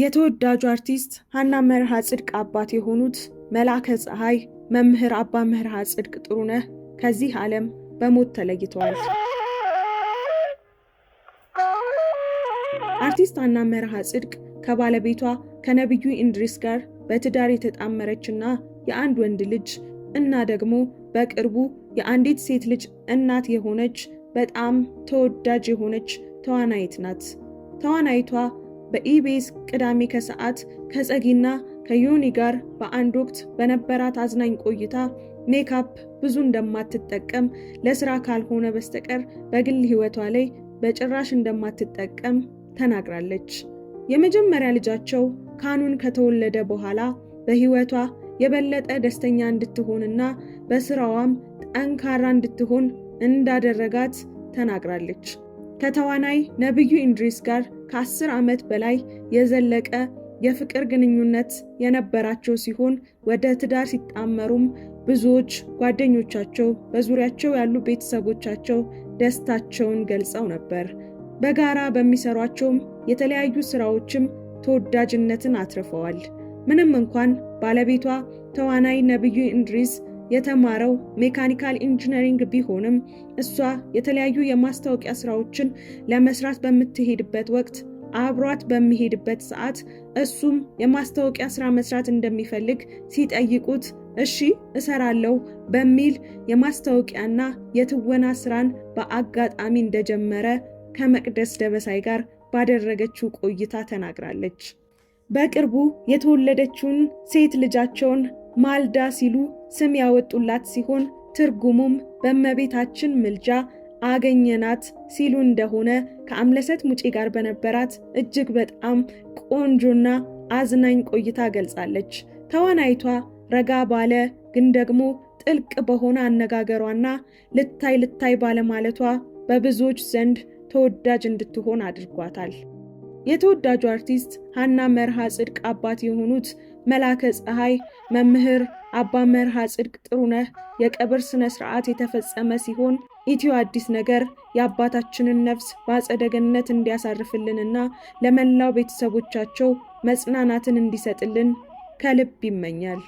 የተወዳጁ አርቲስት ሀና መርሃ ጽድቅ አባት የሆኑት መላከ ፀሐይ መምህር አባ መርሃ ጽድቅ ጥሩነህ ከዚህ ዓለም በሞት ተለይተዋል። አርቲስት ሀና መርሃ ጽድቅ ከባለቤቷ ከነቢዩ ኢንድሪስ ጋር በትዳር የተጣመረችና የአንድ ወንድ ልጅ እና ደግሞ በቅርቡ የአንዲት ሴት ልጅ እናት የሆነች በጣም ተወዳጅ የሆነች ተዋናይት ናት። ተዋናይቷ በኢቢኤስ ቅዳሜ ከሰዓት ከጸጊና ከዩኒ ጋር በአንድ ወቅት በነበራት አዝናኝ ቆይታ ሜካፕ ብዙ እንደማትጠቀም ለስራ ካልሆነ በስተቀር በግል ህይወቷ ላይ በጭራሽ እንደማትጠቀም ተናግራለች። የመጀመሪያ ልጃቸው ካኑን ከተወለደ በኋላ በህይወቷ የበለጠ ደስተኛ እንድትሆንና በስራዋም ጠንካራ እንድትሆን እንዳደረጋት ተናግራለች። ከተዋናይ ነብዩ ኢንድሪስ ጋር ከአስር ዓመት በላይ የዘለቀ የፍቅር ግንኙነት የነበራቸው ሲሆን ወደ ትዳር ሲጣመሩም ብዙዎች ጓደኞቻቸው፣ በዙሪያቸው ያሉ ቤተሰቦቻቸው ደስታቸውን ገልጸው ነበር። በጋራ በሚሰሯቸውም የተለያዩ ስራዎችም ተወዳጅነትን አትርፈዋል። ምንም እንኳን ባለቤቷ ተዋናይ ነብዩ ኢንድሪስ የተማረው ሜካኒካል ኢንጂነሪንግ ቢሆንም እሷ የተለያዩ የማስታወቂያ ስራዎችን ለመስራት በምትሄድበት ወቅት አብሯት በሚሄድበት ሰዓት እሱም የማስታወቂያ ስራ መስራት እንደሚፈልግ ሲጠይቁት እሺ እሰራለሁ በሚል የማስታወቂያና የትወና ስራን በአጋጣሚ እንደጀመረ ከመቅደስ ደበሳይ ጋር ባደረገችው ቆይታ ተናግራለች። በቅርቡ የተወለደችውን ሴት ልጃቸውን ማልዳ ሲሉ ስም ያወጡላት ሲሆን ትርጉሙም በእመቤታችን ምልጃ አገኘናት ሲሉ እንደሆነ ከአምለሰት ሙጪ ጋር በነበራት እጅግ በጣም ቆንጆና አዝናኝ ቆይታ ገልጻለች። ተዋናይቷ ረጋ ባለ ግን ደግሞ ጥልቅ በሆነ አነጋገሯና ልታይ ልታይ ባለማለቷ በብዙዎች ዘንድ ተወዳጅ እንድትሆን አድርጓታል። የተወዳጁ አርቲስት ሀና መርሃ ጽድቅ አባት የሆኑት መላከ ፀሐይ መምህር አባ መርሃ ጽድቅ ጥሩነህ የቀብር ስነ ስርዓት የተፈጸመ ሲሆን ኢትዮ አዲስ ነገር የአባታችንን ነፍስ በአጸደ ገነት እንዲያሳርፍልንና ለመላው ቤተሰቦቻቸው መጽናናትን እንዲሰጥልን ከልብ ይመኛል።